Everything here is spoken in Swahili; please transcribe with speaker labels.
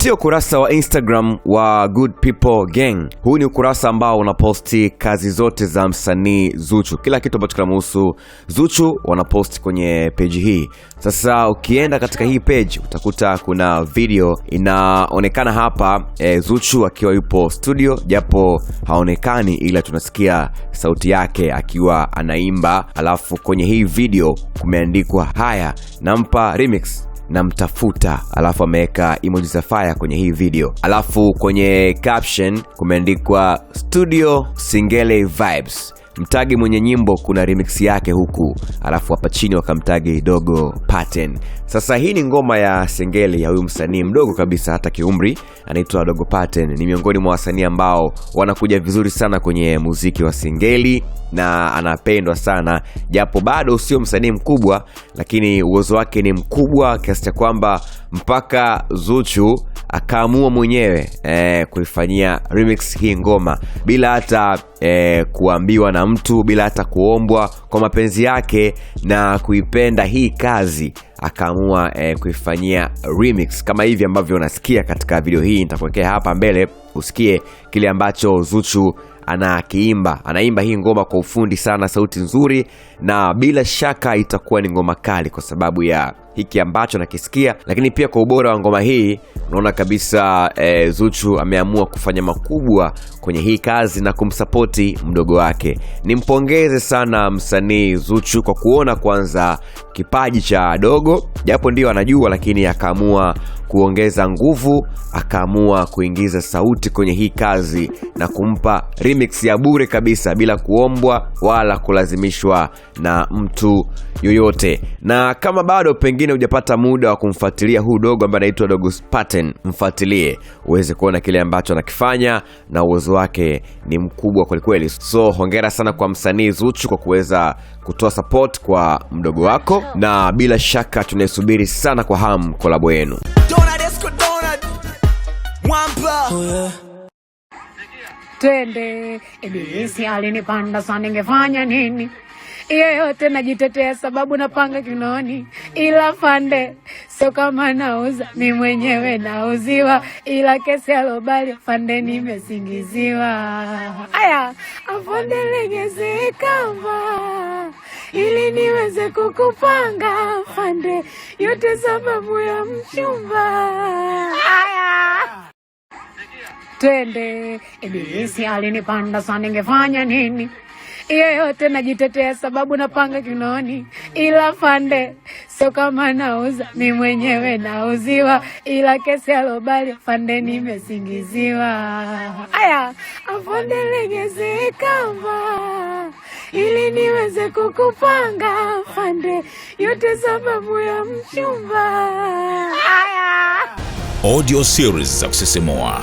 Speaker 1: kupitia ukurasa wa Instagram wa Good People Gang. Huu ni ukurasa ambao unaposti kazi zote za msanii Zuchu, kila kitu ambacho kinamhusu Zuchu wanaposti kwenye peji hii. Sasa ukienda katika hii peji utakuta kuna video inaonekana hapa e, Zuchu akiwa yupo studio, japo haonekani, ila tunasikia sauti yake akiwa anaimba, alafu kwenye hii video kumeandikwa haya nampa remix namtafuta, alafu ameweka emoji za fire kwenye hii video, alafu kwenye caption kumeandikwa studio singele vibes mtagi mwenye nyimbo kuna remix yake huku, alafu hapa chini wakamtagi dogo Paten. Sasa hii ni ngoma ya sengeli ya huyu msanii mdogo kabisa hata kiumri, anaitwa dogo Paten. Ni miongoni mwa wasanii ambao wanakuja vizuri sana kwenye muziki wa sengeli na anapendwa sana, japo bado sio msanii mkubwa, lakini uwezo wake ni mkubwa kiasi cha kwamba mpaka Zuchu akaamua mwenyewe eh, kuifanyia remix hii ngoma bila hata eh, kuambiwa na mtu, bila hata kuombwa. Kwa mapenzi yake na kuipenda hii kazi akaamua eh, kuifanyia remix kama hivi ambavyo unasikia katika video hii. nitakuekea hapa mbele usikie kile ambacho Zuchu akiimba anaimba hii ngoma kwa ufundi sana, sauti nzuri, na bila shaka itakuwa ni ngoma kali kwa sababu ya hiki ambacho nakisikia, lakini pia kwa ubora wa ngoma hii unaona kabisa e, Zuchu ameamua kufanya makubwa kwenye hii kazi na kumsapoti mdogo wake. Nimpongeze sana msanii Zuchu kwa kuona kwanza kipaji cha dogo, japo ndio anajua, lakini akaamua kuongeza nguvu, akaamua kuingiza sauti kwenye hii kazi na kumpa remix ya bure kabisa bila kuombwa wala kulazimishwa na mtu yoyote. Na kama bado pengine hujapata muda wa kumfuatilia huu dogo ambaye anaitwa Dogo Spartan, mfuatilie uweze kuona kile ambacho anakifanya na uwezo wake ni mkubwa kwelikweli. So hongera sana kwa msanii Zuchu kwa kuweza kutoa support kwa mdogo wako, na bila shaka tunaisubiri sana kwa hamu kolabo yenu
Speaker 2: mwamba Twende Ibilisi alinipanda sana, ningefanya nini? Iyo yote najitetea, sababu napanga kinoni, ila fande sio kama nauza mi mwenyewe nauziwa, ila kesi alobali fande nimesingiziwa. Aya afande legeze ili niweze kukupanga fande yote, sababu ya mchumba. Aya twende. Ibilisi eh. alinipanda sana, ningefanya nini? Yeyote najitetea, sababu napanga kinoni, ila fande sio kama nauza mi mwenyewe nauziwa, ila kesi alobali fande nimesingiziwa. Aya, afande legeze kamba ili niweze kukupanga fande yote, sababu ya mchumba. Aya,
Speaker 3: audio series za kusisimua